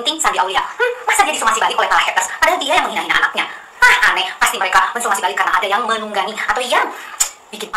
Ting Sandi Aulia. Hmm, masa dia disomasi balik oleh para haters, padahal dia yang menghina-hina anaknya. Ah, aneh. Pasti mereka mensomasi balik karena ada yang menunggangi atau yang bikin...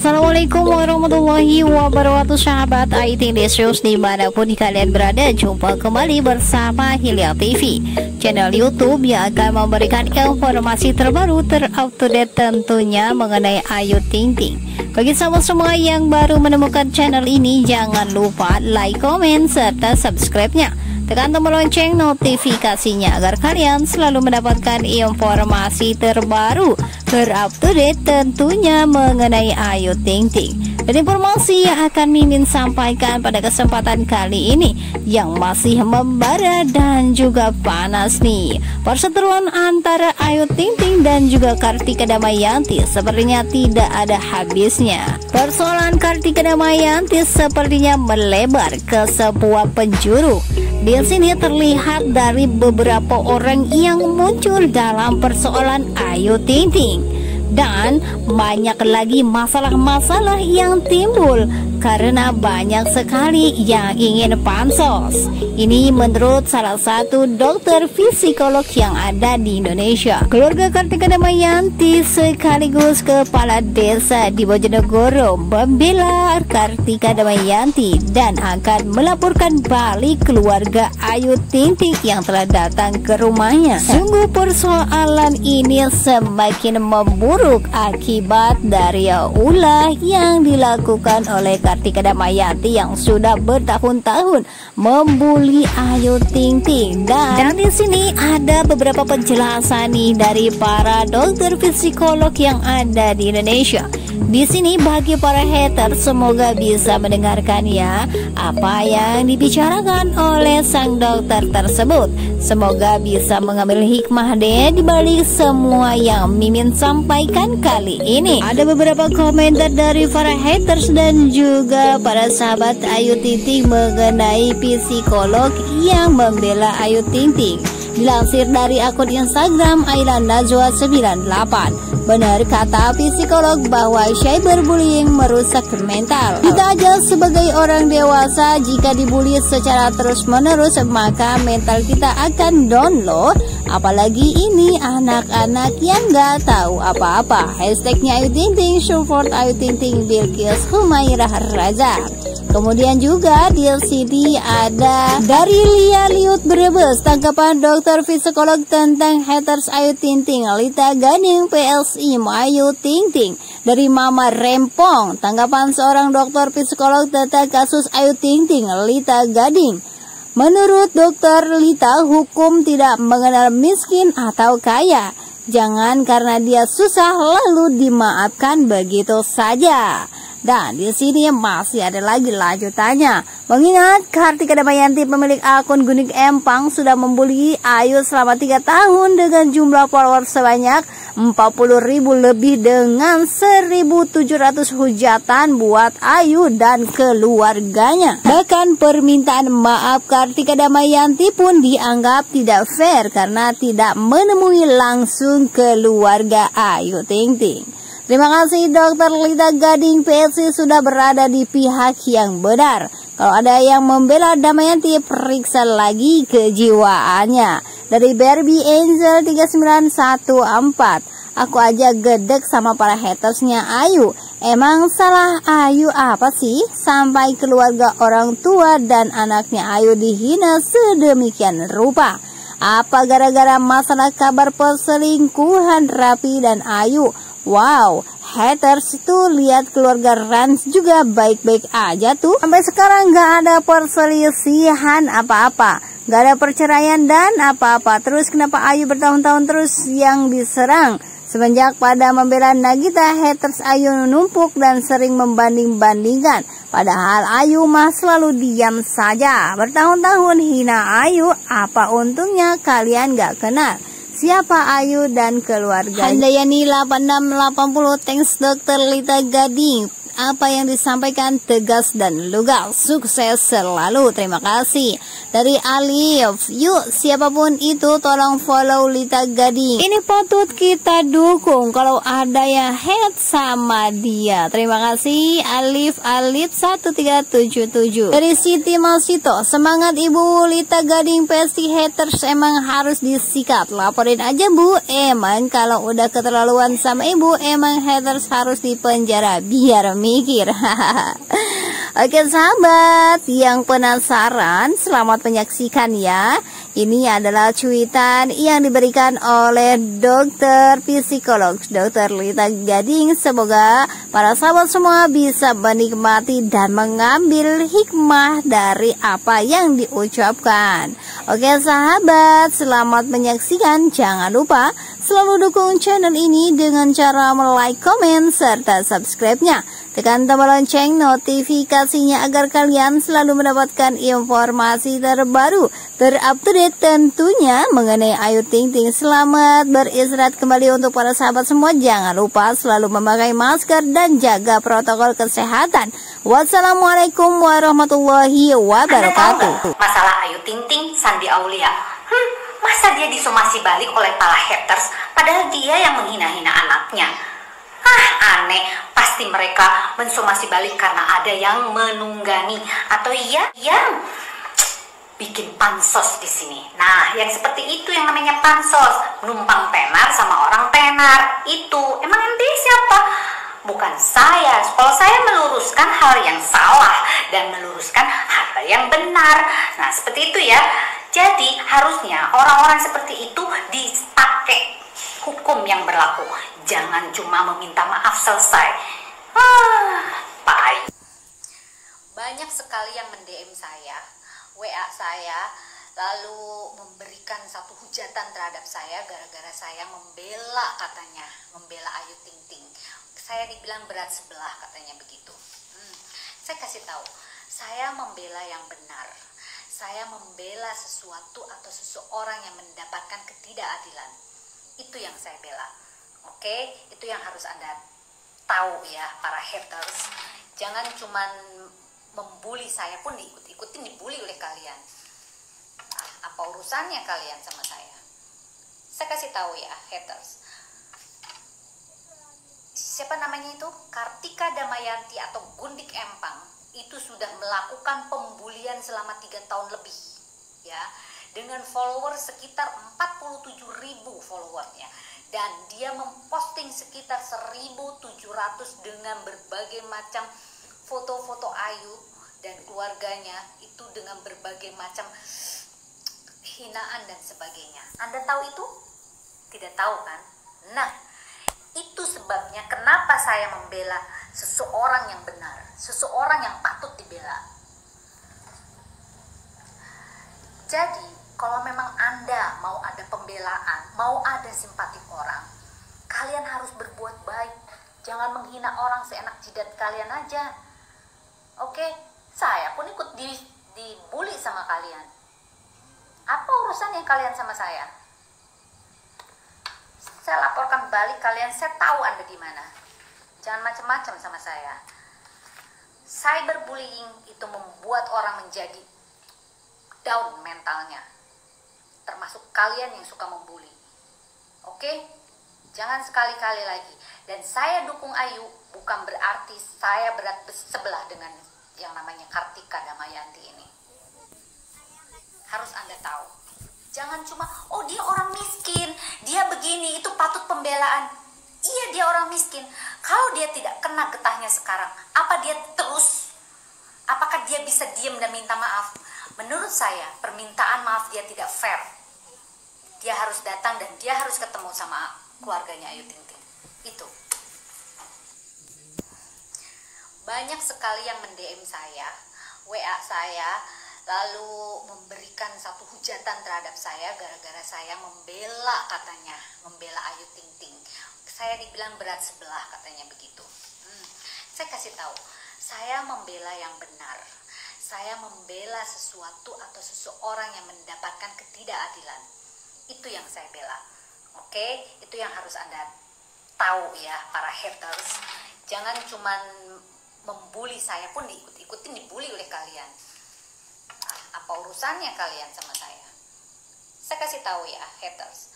Assalamualaikum warahmatullahi wabarakatuh sahabat IT News dimanapun kalian berada jumpa kembali bersama Hilya TV channel YouTube yang akan memberikan informasi terbaru terupdate tentunya mengenai Ayu Ting Ting bagi semua yang baru menemukan channel ini jangan lupa like, comment, serta subscribe-nya tekan tombol lonceng notifikasinya agar kalian selalu mendapatkan informasi terbaru Berupdate tentunya mengenai Ayu Ting Ting dan informasi yang akan Mimin sampaikan pada kesempatan kali ini yang masih membara dan juga panas nih perseteruan antara Ayu Ting Ting dan juga Kartika Damayanti sepertinya tidak ada habisnya persoalan Kartika Damayanti sepertinya melebar ke sebuah penjuru di sini terlihat dari beberapa orang yang muncul dalam persoalan Ayu Ting Ting dan banyak lagi masalah-masalah yang timbul karena banyak sekali yang ingin pansos. Ini menurut salah satu dokter psikolog yang ada di Indonesia. Keluarga Kartika Damayanti sekaligus kepala desa di Bojonegoro membela Kartika Damayanti dan akan melaporkan balik keluarga Ayu Ting yang telah datang ke rumahnya. Sungguh persoalan ini semakin memburuk akibat dari ulah yang dilakukan oleh Kartika Damayati yang sudah bertahun-tahun membuli Ayu Ting Ting. Dan, dan di sini ada beberapa penjelasan nih dari para dokter psikolog yang ada di Indonesia. Di sini bagi para hater semoga bisa mendengarkan ya apa yang dibicarakan oleh sang dokter tersebut. Semoga bisa mengambil hikmah deh balik semua yang Mimin sampaikan kali ini. Ada beberapa komentar dari para haters dan juga para sahabat Ayu Ting Ting mengenai psikolog yang membela Ayu Ting Ting. Dilansir dari akun Instagram Ailanda Najwa 98. Benar kata psikolog bahwa cyberbullying merusak mental. Kita aja sebagai orang dewasa jika dibully secara terus-menerus maka mental kita akan download Apalagi ini anak-anak yang gak tahu apa-apa. Hashtagnya Ayu Ting Ting, support Ayu Ting Ting, Bilkis Humairah Raja. Kemudian juga di LCD ada dari Lia Liut Brebes tanggapan dokter psikolog tentang haters Ayu Ting Ting Lita Ganing PLSI Ayu Ting Ting dari Mama Rempong tanggapan seorang dokter psikolog tentang kasus Ayu Ting Ting Lita Gading Menurut dokter Lita, hukum tidak mengenal miskin atau kaya. Jangan karena dia susah lalu dimaafkan begitu saja. Dan di sini masih ada lagi lanjutannya. Mengingat Kartika Damayanti pemilik akun Gunik Empang sudah membuli Ayu selama 3 tahun dengan jumlah follower sebanyak 40 ribu lebih dengan 1.700 hujatan buat Ayu dan keluarganya. Bahkan permintaan maaf Kartika Damayanti pun dianggap tidak fair karena tidak menemui langsung keluarga Ayu Ting Ting. Terima kasih Dokter Lita Gading PSC sudah berada di pihak yang benar. Kalau ada yang membela Damayanti, periksa lagi kejiwaannya. Dari Barbie Angel 3914, aku aja gedek sama para hatersnya Ayu. Emang salah Ayu apa sih? Sampai keluarga orang tua dan anaknya Ayu dihina sedemikian rupa. Apa gara-gara masalah kabar perselingkuhan Rapi dan Ayu? Wow, haters itu lihat keluarga Rans juga baik-baik aja tuh. Sampai sekarang nggak ada perselisihan apa-apa. Nggak ada perceraian dan apa-apa. Terus kenapa Ayu bertahun-tahun terus yang diserang? Semenjak pada membela Nagita, haters Ayu numpuk dan sering membanding-bandingkan. Padahal Ayu mah selalu diam saja. Bertahun-tahun hina Ayu, apa untungnya kalian nggak kenal? Siapa Ayu dan keluarga? Handayani 8680 Thanks Dokter Lita Gading apa yang disampaikan tegas dan lugas. Sukses selalu. Terima kasih. Dari Alif, yuk siapapun itu tolong follow Lita Gading. Ini patut kita dukung kalau ada yang head sama dia. Terima kasih Alif Alif 1377. Dari Siti Masito, semangat Ibu Lita Gading pasti haters emang harus disikat. Laporin aja Bu, emang kalau udah keterlaluan sama Ibu emang haters harus dipenjara biar mi mikir. Oke sahabat yang penasaran selamat menyaksikan ya Ini adalah cuitan yang diberikan oleh dokter psikolog dokter Lita Gading Semoga para sahabat semua bisa menikmati dan mengambil hikmah dari apa yang diucapkan Oke sahabat selamat menyaksikan Jangan lupa Selalu dukung channel ini dengan cara like, komen, serta subscribe-nya. Tekan tombol lonceng notifikasinya agar kalian selalu mendapatkan informasi terbaru, terupdate tentunya mengenai Ayu Ting Ting. Selamat beristirahat kembali untuk para sahabat semua. Jangan lupa selalu memakai masker dan jaga protokol kesehatan. Wassalamualaikum warahmatullahi wabarakatuh. Masalah Ayu Ting Ting Sandi Aulia. Masa dia disomasi balik oleh para haters padahal dia yang menghina-hina anaknya? Ah, aneh. Pasti mereka mensomasi balik karena ada yang menunggangi atau ya yang bikin pansos di sini. Nah, yang seperti itu yang namanya pansos, numpang tenar sama orang tenar. Itu emang ente siapa? Bukan saya. Kalau saya meluruskan hal yang salah dan meluruskan hal yang benar. Nah, seperti itu ya. Jadi harusnya orang-orang seperti itu dipakai hukum yang berlaku. Jangan cuma meminta maaf selesai. Ah, pai. Banyak sekali yang mendm saya, WA saya, lalu memberikan satu hujatan terhadap saya gara-gara saya membela katanya, membela Ayu Ting Ting. Saya dibilang berat sebelah katanya begitu. Hmm, saya kasih tahu, saya membela yang benar saya membela sesuatu atau seseorang yang mendapatkan ketidakadilan. Itu yang saya bela. Oke, itu yang harus Anda tahu ya para haters. Jangan cuman membuli saya pun diikut-ikutin dibully oleh kalian. Nah, apa urusannya kalian sama saya? Saya kasih tahu ya haters. Siapa namanya itu? Kartika Damayanti atau Gundik Empang itu sudah melakukan pembulian selama tiga tahun lebih ya dengan follower sekitar 47 ribu followernya dan dia memposting sekitar 1.700 dengan berbagai macam foto-foto Ayu dan keluarganya itu dengan berbagai macam hinaan dan sebagainya. Anda tahu itu? Tidak tahu kan? Nah, itu sebabnya kenapa saya membela seseorang yang benar, seseorang yang patut dibela. Jadi, kalau memang Anda mau ada pembelaan, mau ada simpati orang, kalian harus berbuat baik. Jangan menghina orang seenak jidat kalian aja. Oke, saya pun ikut di dibully sama kalian. Apa urusan yang kalian sama saya? Saya laporkan balik kalian, saya tahu Anda di mana. Jangan macam-macam sama saya. Cyberbullying itu membuat orang menjadi down mentalnya. Termasuk kalian yang suka membuli. Oke? Jangan sekali-kali lagi. Dan saya dukung Ayu bukan berarti saya berat sebelah dengan yang namanya Kartika Damayanti ini. Harus Anda tahu. Jangan cuma, oh dia orang miskin, dia begini, itu patut pembelaan Iya dia orang miskin. Kalau dia tidak kena getahnya sekarang, apa dia terus? Apakah dia bisa diam dan minta maaf? Menurut saya, permintaan maaf dia tidak fair. Dia harus datang dan dia harus ketemu sama keluarganya Ayu Ting Ting. Itu. Banyak sekali yang mendm saya, WA saya, lalu memberikan satu hujatan terhadap saya gara-gara saya membela katanya, membela Ayu Ting Ting saya dibilang berat sebelah katanya begitu hmm. saya kasih tahu saya membela yang benar saya membela sesuatu atau seseorang yang mendapatkan ketidakadilan itu yang saya bela oke itu yang harus anda tahu ya para haters jangan cuman membuli saya pun diikut-ikutin dibully oleh kalian nah, apa urusannya kalian sama saya saya kasih tahu ya haters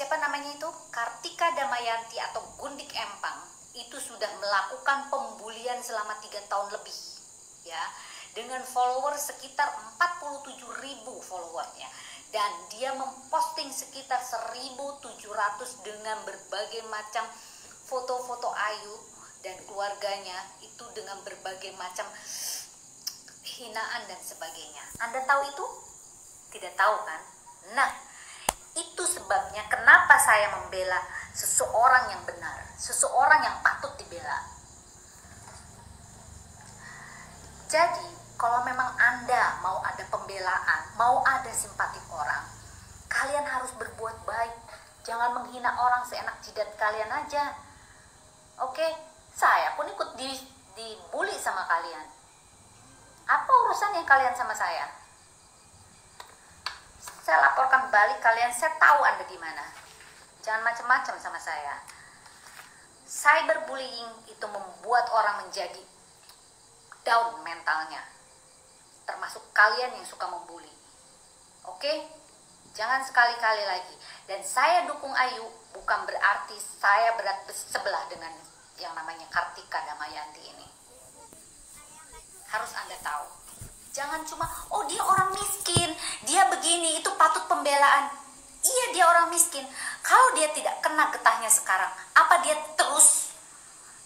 siapa namanya itu Kartika Damayanti atau Gundik Empang itu sudah melakukan pembulian selama tiga tahun lebih ya dengan follower sekitar 47 ribu followernya dan dia memposting sekitar 1700 dengan berbagai macam foto-foto Ayu dan keluarganya itu dengan berbagai macam hinaan dan sebagainya. Anda tahu itu? Tidak tahu kan? Nah, itu sebabnya kenapa saya membela seseorang yang benar, seseorang yang patut dibela. Jadi, kalau memang Anda mau ada pembelaan, mau ada simpati orang, kalian harus berbuat baik. Jangan menghina orang seenak jidat kalian aja. Oke, saya pun ikut di dibully sama kalian. Apa urusan yang kalian sama saya? saya laporkan balik kalian, saya tahu Anda di mana. Jangan macam-macam sama saya. Cyberbullying itu membuat orang menjadi down mentalnya. Termasuk kalian yang suka membuli. Oke? Jangan sekali-kali lagi. Dan saya dukung Ayu bukan berarti saya berat sebelah dengan yang namanya Kartika Damayanti ini. Harus Anda tahu. Jangan cuma, oh dia orang miskin, dia begini, itu patut pembelaan. Iya dia orang miskin. Kalau dia tidak kena getahnya sekarang, apa dia terus?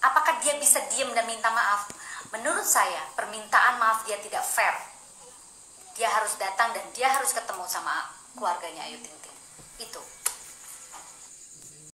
Apakah dia bisa diam dan minta maaf? Menurut saya, permintaan maaf dia tidak fair. Dia harus datang dan dia harus ketemu sama keluarganya Ayu Ting Ting. Itu.